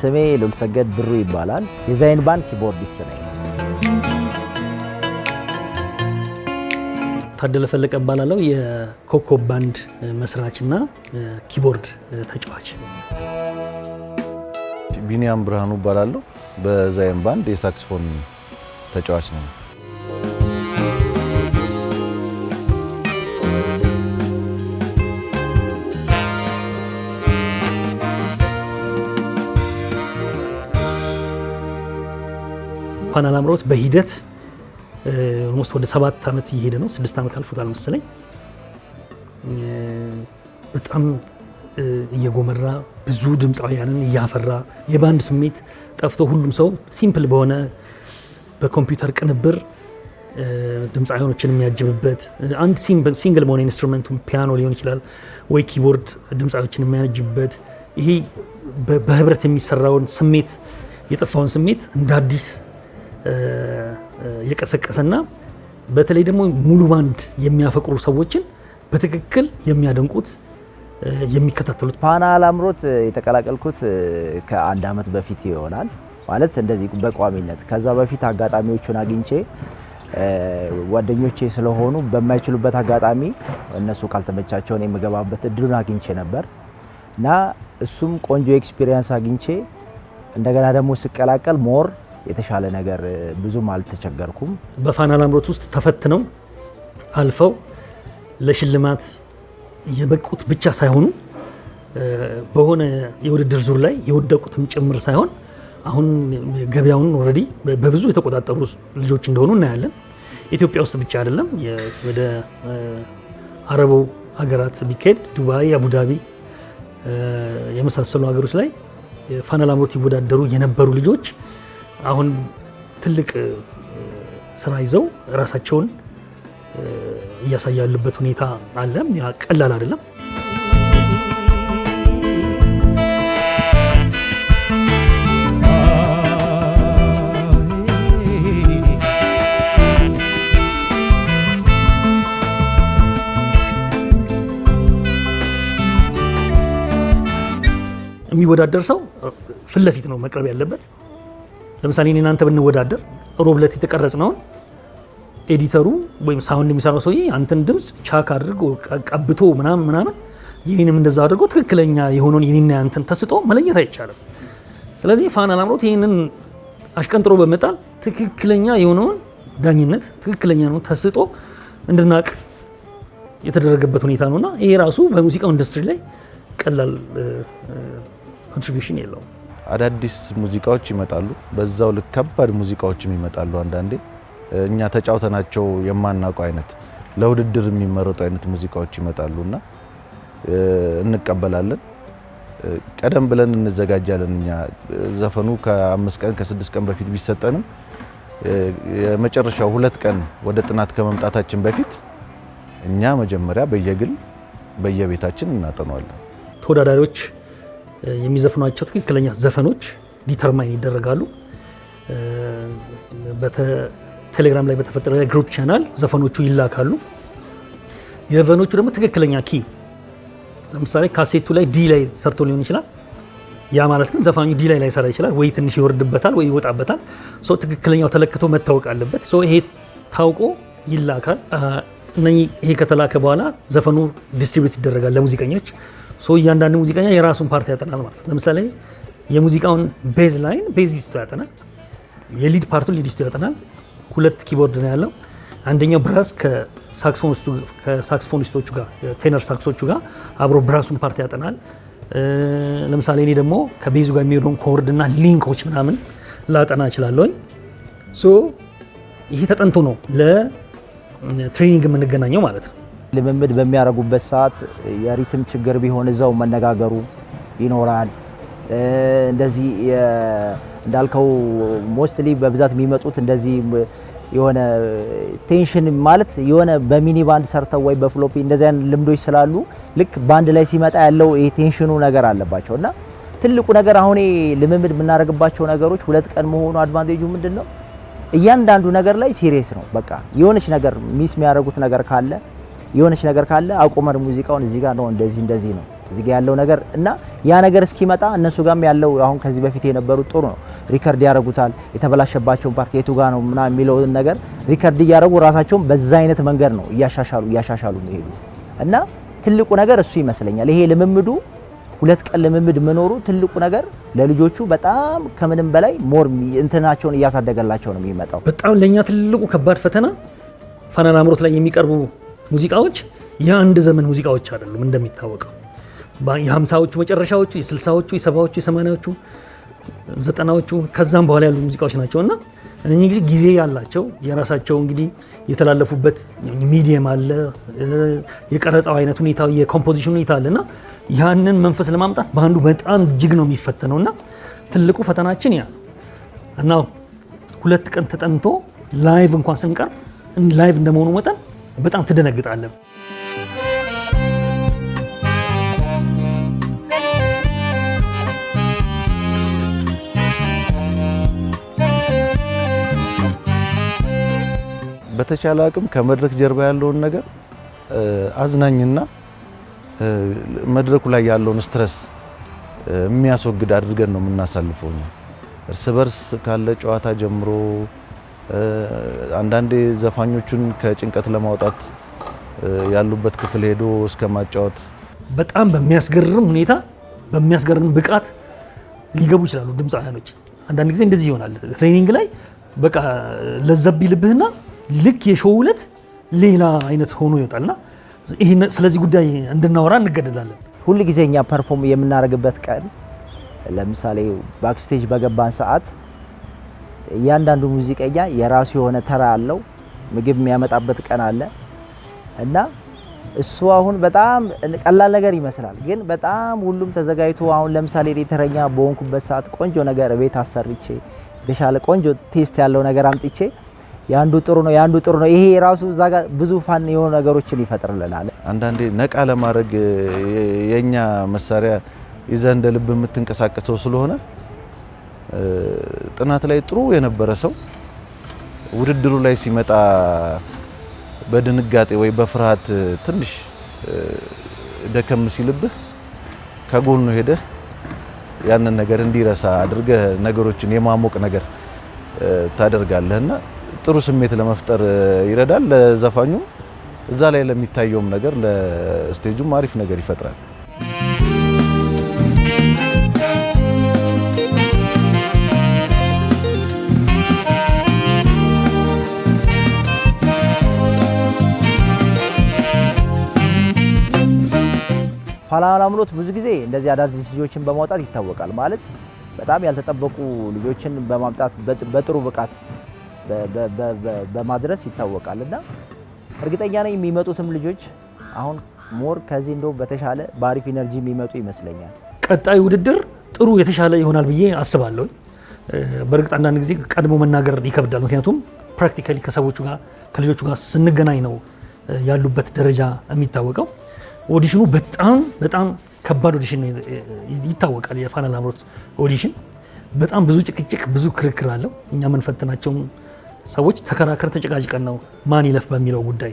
ስሜ ሉልሰገድ ብሩ ይባላል። የዛይን ባንድ ኪቦርዲስት ነኝ። ታደለ ፈለቀ እባላለሁ። የኮከብ ባንድ መስራችና ኪቦርድ ተጫዋች። ቢኒያም ብርሃኑ እባላለሁ። በዛይን ባንድ የሳክስፎን ተጫዋች ነው። እንኳን አላምረውት በሂደት ኦልሞስት ወደ ሰባት ዓመት እየሄደ ነው። ስድስት ዓመት አልፎታል መሰለኝ። በጣም እየጎመራ ብዙ ድምፃውያንን እያፈራ የባንድ ስሜት ጠፍቶ ሁሉም ሰው ሲምፕል በሆነ በኮምፒውተር ቅንብር ድምፃውያኖችን የሚያጅብበት አንድ ሲንግል በሆነ ኢንስትሩመንቱ ፒያኖ ሊሆን ይችላል ወይ ኪቦርድ ድምፃዎችን የሚያጅብበት ይሄ በህብረት የሚሰራውን ስሜት የጠፋውን ስሜት እንደ አዲስ የቀሰቀሰና በተለይ ደግሞ ሙሉ ባንድ የሚያፈቅሩ ሰዎችን በትክክል የሚያደንቁት የሚከታተሉት ፋና ላምሮት የተቀላቀልኩት ከአንድ ዓመት በፊት ይሆናል ማለት እንደዚህ በቋሚነት ከዛ በፊት አጋጣሚዎቹን አግኝቼ ጓደኞቼ ስለሆኑ በማይችሉበት አጋጣሚ እነሱ ካልተመቻቸውን የምገባበት እድሉን አግኝቼ ነበር እና እሱም ቆንጆ ኤክስፒሪየንስ አግኝቼ እንደገና ደግሞ ስቀላቀል ሞር የተሻለ ነገር ብዙም አልተቸገርኩም። በፋና ላምሮት ውስጥ ተፈትነው አልፈው ለሽልማት የበቁት ብቻ ሳይሆኑ በሆነ የውድድር ዙር ላይ የወደቁትም ጭምር ሳይሆን አሁን ገበያውን ኦልሬዲ በብዙ የተቆጣጠሩ ልጆች እንደሆኑ እናያለን። ኢትዮጵያ ውስጥ ብቻ አይደለም፣ ወደ አረቡ ሀገራት ቢካሄድ ዱባይ፣ አቡዳቢ የመሳሰሉ ሀገሮች ላይ ፋና ላምሮት ይወዳደሩ የነበሩ ልጆች አሁን ትልቅ ስራ ይዘው ራሳቸውን እያሳያሉበት ሁኔታ አለ። ያ ቀላል አይደለም። የሚወዳደር ሰው ፊት ለፊት ነው መቅረብ ያለበት። ለምሳሌ እኔ እናንተ ብንወዳደር ሮብለት የተቀረጽ ነውን ኤዲተሩ ወይም ሳውንድ የሚሰራው ሰውዬ አንተን ድምፅ ቻክ አድርጎ ቀብቶ ምናምን ምናምን ይህንም እንደዛ አድርጎ ትክክለኛ የሆነውን የኔና ያንተን ተስጦ መለየት አይቻልም። ስለዚህ ፋና ላምሮት ይህንን አሽቀንጥሮ በመጣል ትክክለኛ የሆነውን ዳኝነት ትክክለኛ ነው ተስጦ እንድናቅ የተደረገበት ሁኔታ ነውና ይሄ ራሱ በሙዚቃው ኢንዱስትሪ ላይ ቀላል ኮንትሪቢሽን የለውም። አዳዲስ ሙዚቃዎች ይመጣሉ። በዛው ልክ ከባድ ሙዚቃዎችም ይመጣሉ። አንዳንዴ እኛ ተጫውተናቸው የማናውቀው አይነት ለውድድር የሚመረጡ አይነት ሙዚቃዎች ይመጣሉ እና እንቀበላለን። ቀደም ብለን እንዘጋጃለን። እኛ ዘፈኑ ከአምስት ቀን ከስድስት ቀን በፊት ቢሰጠንም የመጨረሻው ሁለት ቀን ወደ ጥናት ከመምጣታችን በፊት እኛ መጀመሪያ በየግል በየቤታችን እናጠነዋለን። ተወዳዳሪዎች የሚዘፍኗቸው ትክክለኛ ዘፈኖች ዲተርማይን ይደረጋሉ። በቴሌግራም ላይ በተፈጠረ ግሩፕ ቻናል ዘፈኖቹ ይላካሉ። የዘፈኖቹ ደግሞ ትክክለኛ ኪ ለምሳሌ ካሴቱ ላይ ዲ ላይ ሰርቶ ሊሆን ይችላል። ያ ማለት ግን ዘፋኙ ዲ ላይ ላይሰራ ይችላል። ወይ ትንሽ ይወርድበታል፣ ወይ ይወጣበታል። ትክክለኛው ተለክቶ መታወቅ አለበት። ይሄ ታውቆ ይላካል። እነኚህ ይሄ ከተላከ በኋላ ዘፈኑ ዲስትሪቢዩት ይደረጋል ለሙዚቀኞች። ሶ እያንዳንድ ሙዚቀኛ የራሱን ፓርት ያጠናል ማለት ነው። ለምሳሌ የሙዚቃውን ቤዝ ላይን ቤዚስቱ ያጠናል፣ የሊድ ፓርቱን ሊድስቱ ያጠናል። ሁለት ኪቦርድ ነው ያለው። አንደኛው ብራስ ከሳክስፎኒስቶቹ ጋር ቴነር ሳክሶቹ ጋር አብሮ ብራሱን ፓርት ያጠናል። ለምሳሌ እኔ ደግሞ ከቤዙ ጋር የሚሄደውን ኮርድ እና ሊንኮች ምናምን ላጠና እችላለሁኝ። ሶ ይሄ ተጠንቶ ነው ለትሬኒንግ የምንገናኘው ማለት ነው። ልምምድ በሚያደርጉበት ሰዓት የሪትም ችግር ቢሆን እዛው መነጋገሩ ይኖራል። እንደዚህ እንዳልከው ሞስትሊ በብዛት የሚመጡት እንደዚህ የሆነ ቴንሽን ማለት የሆነ በሚኒ ባንድ ሰርተው ወይ በፍሎፒ እንደዚህ አይነት ልምዶች ስላሉ ልክ ባንድ ላይ ሲመጣ ያለው ቴንሽኑ ነገር አለባቸው እና ትልቁ ነገር አሁን ልምምድ የምናደርግባቸው ነገሮች ሁለት ቀን መሆኑ አድቫንቴጁ ምንድን ነው? እያንዳንዱ ነገር ላይ ሲሪየስ ነው። በቃ የሆነች ነገር ሚስ የሚያደርጉት ነገር ካለ የሆነች ነገር ካለ አቁመን ሙዚቃውን እዚህ ጋር ነው እንደዚህ እንደዚህ ነው እዚህ ጋር ያለው ነገር እና ያ ነገር እስኪመጣ እነሱ ጋርም ያለው አሁን ከዚህ በፊት የነበሩት ጥሩ ነው። ሪከርድ ያደርጉታል። የተበላሸባቸውን ፓርቲ የቱ ጋር ነው ምናምን የሚለውን ነገር ሪከርድ እያደረጉ ራሳቸውን በዛ አይነት መንገድ ነው እያሻሻሉ እያሻሻሉ የሚሄዱት እና ትልቁ ነገር እሱ ይመስለኛል። ይሄ ልምምዱ ሁለት ቀን ልምምድ መኖሩ ትልቁ ነገር ለልጆቹ በጣም ከምንም በላይ ሞር እንትናቸውን እያሳደገላቸው ነው የሚመጣው። በጣም ለእኛ ትልቁ ከባድ ፈተና ፋናን አምሮት ላይ የሚቀርቡ ሙዚቃዎች የአንድ ዘመን ሙዚቃዎች አይደሉም። እንደሚታወቀው የሀምሳዎቹ መጨረሻዎቹ፣ የስልሳዎቹ፣ የሰባዎቹ፣ የሰማኒያዎቹ፣ ዘጠናዎቹ ከዛም በኋላ ያሉ ሙዚቃዎች ናቸው እና እነኚህ እንግዲህ ጊዜ ያላቸው የራሳቸው እንግዲህ የተላለፉበት ሚዲየም አለ፣ የቀረጻው አይነት ሁኔታ፣ የኮምፖዚሽን ሁኔታ አለ እና ያንን መንፈስ ለማምጣት በአንዱ በጣም እጅግ ነው የሚፈተነው እና ትልቁ ፈተናችን ያ እና ሁለት ቀን ተጠንቶ ላይቭ እንኳን ስንቀርብ ላይቭ እንደመሆኑ መጠን በጣም ትደነግጣለህ። በተቻለ አቅም ከመድረክ ጀርባ ያለውን ነገር አዝናኝና መድረኩ ላይ ያለውን ስትረስ የሚያስወግድ አድርገን ነው የምናሳልፈው። እርስ በርስ ካለ ጨዋታ ጀምሮ አንዳንዴ ዘፋኞቹን ከጭንቀት ለማውጣት ያሉበት ክፍል ሄዶ እስከ ማጫወት በጣም በሚያስገርም ሁኔታ በሚያስገርም ብቃት ሊገቡ ይችላሉ ድምፃውያኖች። አንዳንድ ጊዜ እንደዚህ ይሆናል። ትሬኒንግ ላይ በቃ ለዘብ ይልብህና ልክ የሾው ዕለት ሌላ አይነት ሆኖ ይወጣልና ስለዚህ ጉዳይ እንድናወራ እንገደዳለን። ሁል ጊዜ እኛ ፐርፎርም የምናደርግበት ቀን ለምሳሌ ባክስቴጅ በገባን ሰዓት እያንዳንዱ ሙዚቀኛ የራሱ የሆነ ተራ አለው። ምግብ የሚያመጣበት ቀን አለ እና እሱ አሁን በጣም ቀላል ነገር ይመስላል፣ ግን በጣም ሁሉም ተዘጋጅቶ አሁን ለምሳሌ ተረኛ በሆንኩበት ሰዓት ቆንጆ ነገር ቤት አሰርቼ የተሻለ ቆንጆ ቴስት ያለው ነገር አምጥቼ የአንዱ ጥሩ ነው የአንዱ ጥሩ ነው ይሄ ራሱ እዛ ጋር ብዙ ፋን የሆኑ ነገሮችን ይፈጥርልናል። አንዳንዴ ነቃ ለማድረግ የእኛ መሳሪያ ይዘህ እንደ ልብ የምትንቀሳቀሰው ስለሆነ ጥናት ላይ ጥሩ የነበረ ሰው ውድድሩ ላይ ሲመጣ በድንጋጤ ወይ በፍርሃት ትንሽ ደከም ሲልብህ ከጎኑ ሄደህ ያንን ነገር እንዲረሳ አድርገህ ነገሮችን የማሞቅ ነገር ታደርጋለህ እና ጥሩ ስሜት ለመፍጠር ይረዳል። ለዘፋኙም እዛ ላይ ለሚታየውም ነገር ለስቴጁም አሪፍ ነገር ይፈጥራል። ፋላና ብዙ ጊዜ እንደዚህ አዳዲስ ልጆችን በማውጣት ይታወቃል። ማለት በጣም ያልተጠበቁ ልጆችን በማምጣት በጥሩ ብቃት በማድረስ ይታወቃል እና እርግጠኛ ነኝ የሚመጡትም ልጆች አሁን ሞር ከዚህ እንደው በተሻለ በአሪፍ ኢነርጂ የሚመጡ ይመስለኛል። ቀጣይ ውድድር ጥሩ የተሻለ ይሆናል ብዬ አስባለሁ። በእርግጥ አንዳንድ ጊዜ ቀድሞ መናገር ይከብዳል። ምክንያቱም ፕራክቲካሊ ከሰዎቹ ጋር ከልጆቹ ጋር ስንገናኝ ነው ያሉበት ደረጃ የሚታወቀው። ኦዲሽኑ በጣም በጣም ከባድ ኦዲሽን ይታወቃል። የፋናና ላምሮት ኦዲሽን በጣም ብዙ ጭቅጭቅ፣ ብዙ ክርክር አለው። እኛ የምንፈትናቸውም ሰዎች ተከራከር ተጨቃጭቀን ነው ማን ይለፍ በሚለው ጉዳይ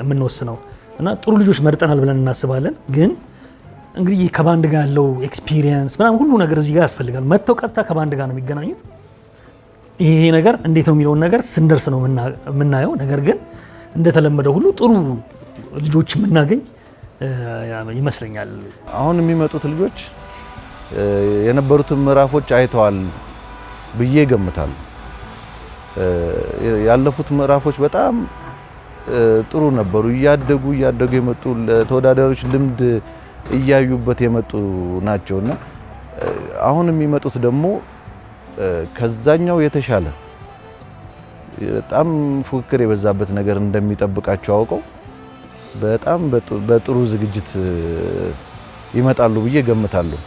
የምንወስነው እና ጥሩ ልጆች መርጠናል ብለን እናስባለን። ግን እንግዲህ ከባንድ ጋር ያለው ኤክስፒሪየንስ ምናምን ሁሉ ነገር እዚህ ጋር ያስፈልጋል። መጥተው ቀጥታ ከባንድ ጋር ነው የሚገናኙት። ይሄ ነገር እንዴት ነው የሚለውን ነገር ስንደርስ ነው የምናየው። ነገር ግን እንደተለመደው ሁሉ ጥሩ ልጆች የምናገኝ ይመስለኛል። አሁን የሚመጡት ልጆች የነበሩትን ምዕራፎች አይተዋል ብዬ ገምታል። ያለፉት ምዕራፎች በጣም ጥሩ ነበሩ። እያደጉ እያደጉ የመጡ ለተወዳዳሪዎች ልምድ እያዩበት የመጡ ናቸውና አሁን የሚመጡት ደግሞ ከዛኛው የተሻለ በጣም ፉክክር የበዛበት ነገር እንደሚጠብቃቸው አውቀው በጣም በጥሩ ዝግጅት ይመጣሉ ብዬ ገምታለሁ።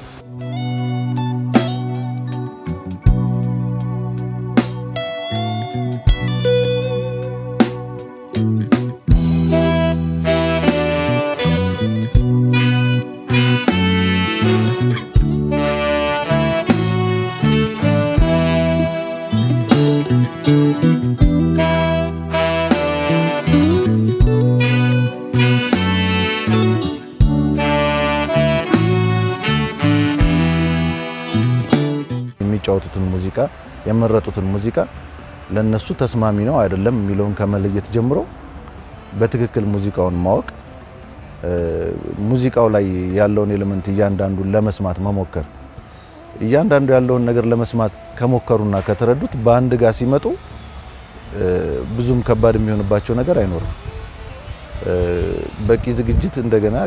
ሙዚቃ የመረጡትን ሙዚቃ ለነሱ ተስማሚ ነው አይደለም የሚለውን ከመለየት ጀምሮ በትክክል ሙዚቃውን ማወቅ፣ ሙዚቃው ላይ ያለውን ኤሌመንት እያንዳንዱን ለመስማት መሞከር። እያንዳንዱ ያለውን ነገር ለመስማት ከሞከሩና ከተረዱት በአንድ ጋር ሲመጡ ብዙም ከባድ የሚሆንባቸው ነገር አይኖርም። በቂ ዝግጅት እንደገና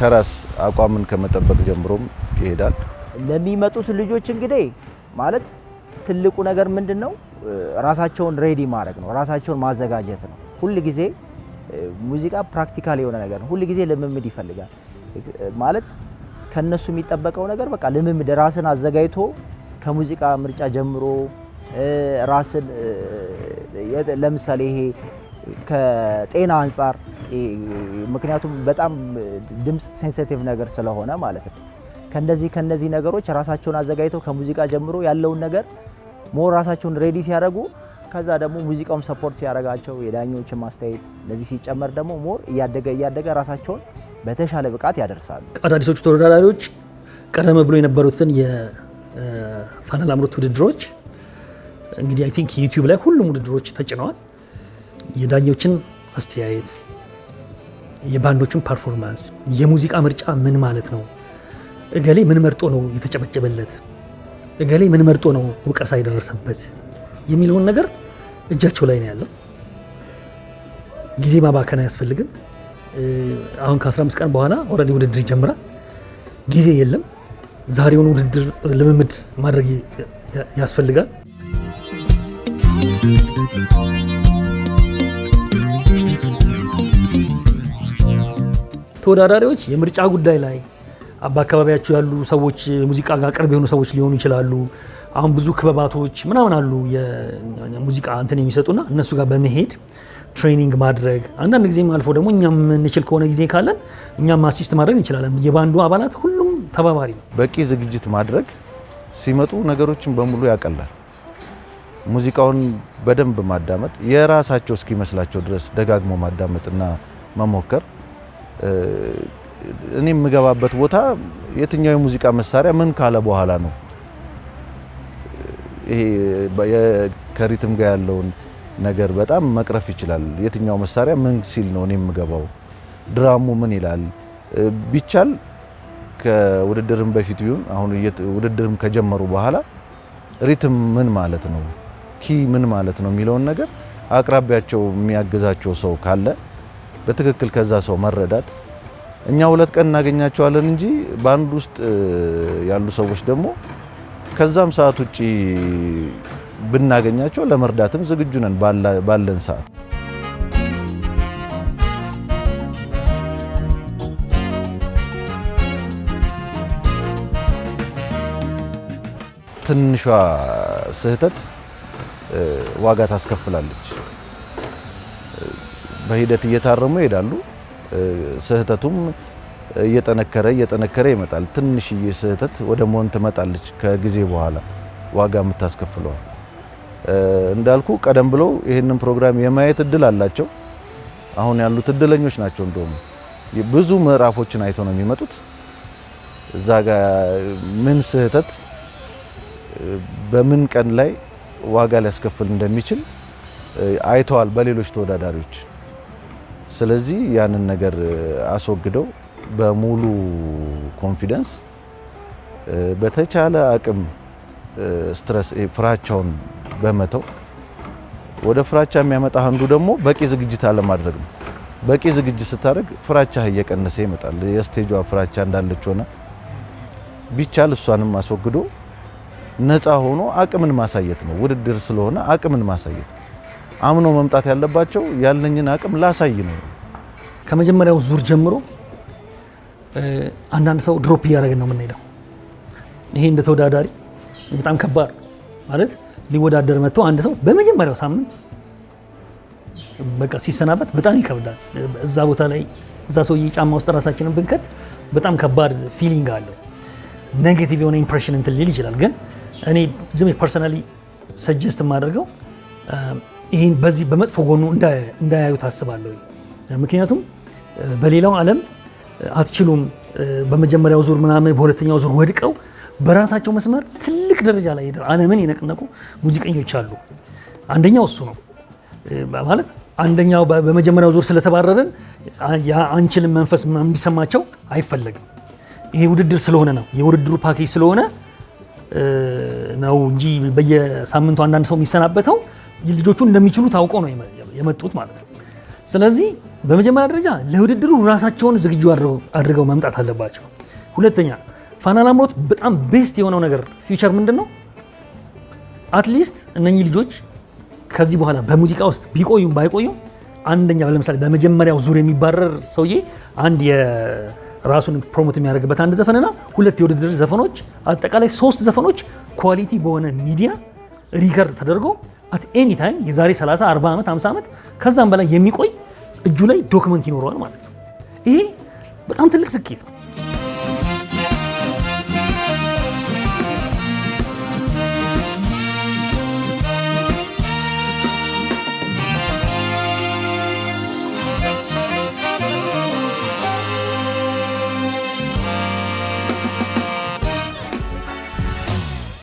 ከራስ አቋምን ከመጠበቅ ጀምሮም ይሄዳል። ለሚመጡት ልጆች እንግዲህ ማለት ትልቁ ነገር ምንድን ነው? ራሳቸውን ሬዲ ማድረግ ነው። ራሳቸውን ማዘጋጀት ነው። ሁል ጊዜ ሙዚቃ ፕራክቲካል የሆነ ነገር ነው። ሁል ጊዜ ልምምድ ይፈልጋል። ማለት ከነሱ የሚጠበቀው ነገር በቃ ልምምድ፣ ራስን አዘጋጅቶ ከሙዚቃ ምርጫ ጀምሮ ራስን ለምሳሌ ይሄ ከጤና አንጻር ምክንያቱም በጣም ድምፅ ሴንሲቲቭ ነገር ስለሆነ ማለት ነው ከነዚህ ከነዚህ ነገሮች ራሳቸውን አዘጋጅተው ከሙዚቃ ጀምሮ ያለውን ነገር ሞር ራሳቸውን ሬዲ ሲያደርጉ ከዛ ደግሞ ሙዚቃውም ሰፖርት ሲያደርጋቸው የዳኞችን ማስተያየት እነዚህ ሲጨመር ደግሞ ሞር እያደገ እያደገ ራሳቸውን በተሻለ ብቃት ያደርሳሉ። አዳዲሶቹ ተወዳዳሪዎች ቀደም ብሎ የነበሩትን የፋና ላምሮት ውድድሮች እንግዲህ አይ ቲንክ ዩቲዩብ ላይ ሁሉም ውድድሮች ተጭነዋል። የዳኞችን አስተያየት፣ የባንዶችን ፐርፎርማንስ፣ የሙዚቃ ምርጫ ምን ማለት ነው እገሌ ምን መርጦ ነው የተጨበጨበለት፣ እገሌ ምን መርጦ ነው ወቀሳ የደረሰበት የሚለውን ነገር እጃቸው ላይ ነው ያለው። ጊዜ ማባከን አያስፈልግም። አሁን ከ15 ቀን በኋላ ኦልሬዲ ውድድር ይጀምራል። ጊዜ የለም። ዛሬውን ውድድር ልምምድ ማድረግ ያስፈልጋል። ተወዳዳሪዎች የምርጫ ጉዳይ ላይ በአካባቢያቸው ያሉ ሰዎች ሙዚቃ ጋር ቅርብ የሆኑ ሰዎች ሊሆኑ ይችላሉ። አሁን ብዙ ክበባቶች ምናምን አሉ የሙዚቃ እንትን የሚሰጡና እነሱ ጋር በመሄድ ትሬኒንግ ማድረግ አንዳንድ ጊዜም አልፎ ደግሞ እኛም የምንችል ከሆነ ጊዜ ካለን እኛም አሲስት ማድረግ እንችላለን። የባንዱ አባላት ሁሉም ተባባሪ ነው። በቂ ዝግጅት ማድረግ ሲመጡ ነገሮችን በሙሉ ያቀላል። ሙዚቃውን በደንብ ማዳመጥ የራሳቸው እስኪመስላቸው ድረስ ደጋግሞ ማዳመጥና መሞከር እኔ የምገባበት ቦታ የትኛው የሙዚቃ መሳሪያ ምን ካለ በኋላ ነው። ይሄ ከሪትም ጋር ያለውን ነገር በጣም መቅረፍ ይችላል። የትኛው መሳሪያ ምን ሲል ነው እኔ የምገባው? ድራሙ ምን ይላል? ቢቻል ከውድድርም በፊት ቢሆን አሁን ውድድርም ከጀመሩ በኋላ ሪትም ምን ማለት ነው፣ ኪ ምን ማለት ነው የሚለውን ነገር አቅራቢያቸው የሚያግዛቸው ሰው ካለ በትክክል ከዛ ሰው መረዳት እኛ ሁለት ቀን እናገኛቸዋለን እንጂ በአንድ ውስጥ ያሉ ሰዎች ደግሞ ከዛም ሰዓት ውጪ ብናገኛቸው ለመርዳትም ዝግጁ ነን ባለን ሰዓት። ትንሿ ስህተት ዋጋ ታስከፍላለች። በሂደት እየታረሙ ይሄዳሉ። ስህተቱም እየጠነከረ እየጠነከረ ይመጣል። ትንሽዬ ስህተት ወደ መሆን ትመጣለች ከጊዜ በኋላ ዋጋ የምታስከፍለዋል። እንዳልኩ ቀደም ብሎ ይህንን ፕሮግራም የማየት እድል አላቸው። አሁን ያሉት እድለኞች ናቸው። እንደውም ብዙ ምዕራፎችን አይቶ ነው የሚመጡት። እዛ ጋር ምን ስህተት በምን ቀን ላይ ዋጋ ሊያስከፍል እንደሚችል አይተዋል በሌሎች ተወዳዳሪዎች። ስለዚህ ያንን ነገር አስወግደው በሙሉ ኮንፊደንስ በተቻለ አቅም ስትረስ ፍራቻውን በመተው ወደ ፍራቻ የሚያመጣ አንዱ ደግሞ በቂ ዝግጅት አለማድረግ ነው። በቂ ዝግጅት ስታደርግ ፍራቻ እየቀነሰ ይመጣል። የስቴጇ ፍራቻ እንዳለች ሆነ ቢቻል እሷንም አስወግዶ ነፃ ሆኖ አቅምን ማሳየት ነው። ውድድር ስለሆነ አቅምን ማሳየት አምኖ መምጣት ያለባቸው ያለኝን አቅም ላሳይ ነው። ከመጀመሪያው ዙር ጀምሮ አንዳንድ ሰው ድሮፕ እያደረግን ነው የምንሄደው። ይሄ እንደ ተወዳዳሪ በጣም ከባድ ማለት ሊወዳደር መጥቶ አንድ ሰው በመጀመሪያው ሳምንት በቃ ሲሰናበት በጣም ይከብዳል። እዛ ቦታ ላይ እዛ ሰውዬ ጫማ ውስጥ ራሳችንን ብንከት በጣም ከባድ ፊሊንግ አለው። ኔጌቲቭ የሆነ ኢምፕሬሽን እንትን ሊል ይችላል። ግን እኔ ዝም ፐርሰናሊ ሰጀስት የማደርገው ይህን በዚህ በመጥፎ ጎኑ እንዳያዩ ታስባለሁ። ምክንያቱም በሌላው ዓለም አትችሉም በመጀመሪያው ዙር ምናምን በሁለተኛው ዙር ወድቀው በራሳቸው መስመር ትልቅ ደረጃ ላይ ሄደው ዓለምን የነቀነቁ ሙዚቀኞች አሉ። አንደኛው እሱ ነው ማለት አንደኛው በመጀመሪያው ዙር ስለተባረርን አንችልም መንፈስ እንዲሰማቸው አይፈለግም። ይሄ ውድድር ስለሆነ ነው የውድድሩ ፓኬጅ ስለሆነ ነው እንጂ በየሳምንቱ አንዳንድ ሰው የሚሰናበተው ልጆቹ እንደሚችሉ ታውቀው ነው የመጡት ማለት ነው። ስለዚህ በመጀመሪያ ደረጃ ለውድድሩ ራሳቸውን ዝግጁ አድርገው መምጣት አለባቸው። ሁለተኛ ፋና ላምሮት በጣም ቤስት የሆነው ነገር ፊውቸር ምንድን ነው? አትሊስት እነኚህ ልጆች ከዚህ በኋላ በሙዚቃ ውስጥ ቢቆዩም ባይቆዩም አንደኛ ለምሳሌ በመጀመሪያው ዙር የሚባረር ሰውዬ አንድ የራሱን ፕሮሞት የሚያደርግበት አንድ ዘፈንና ሁለት የውድድር ዘፈኖች አጠቃላይ ሶስት ዘፈኖች ኳሊቲ በሆነ ሚዲያ ሪከርድ ተደርጎ አት ኤኒ ታይም የዛሬ 30 40 ዓመት 50 ዓመት ከዛም በላይ የሚቆይ እጁ ላይ ዶክመንት ይኖረዋል ማለት ነው። ይሄ በጣም ትልቅ ስኬት ነው።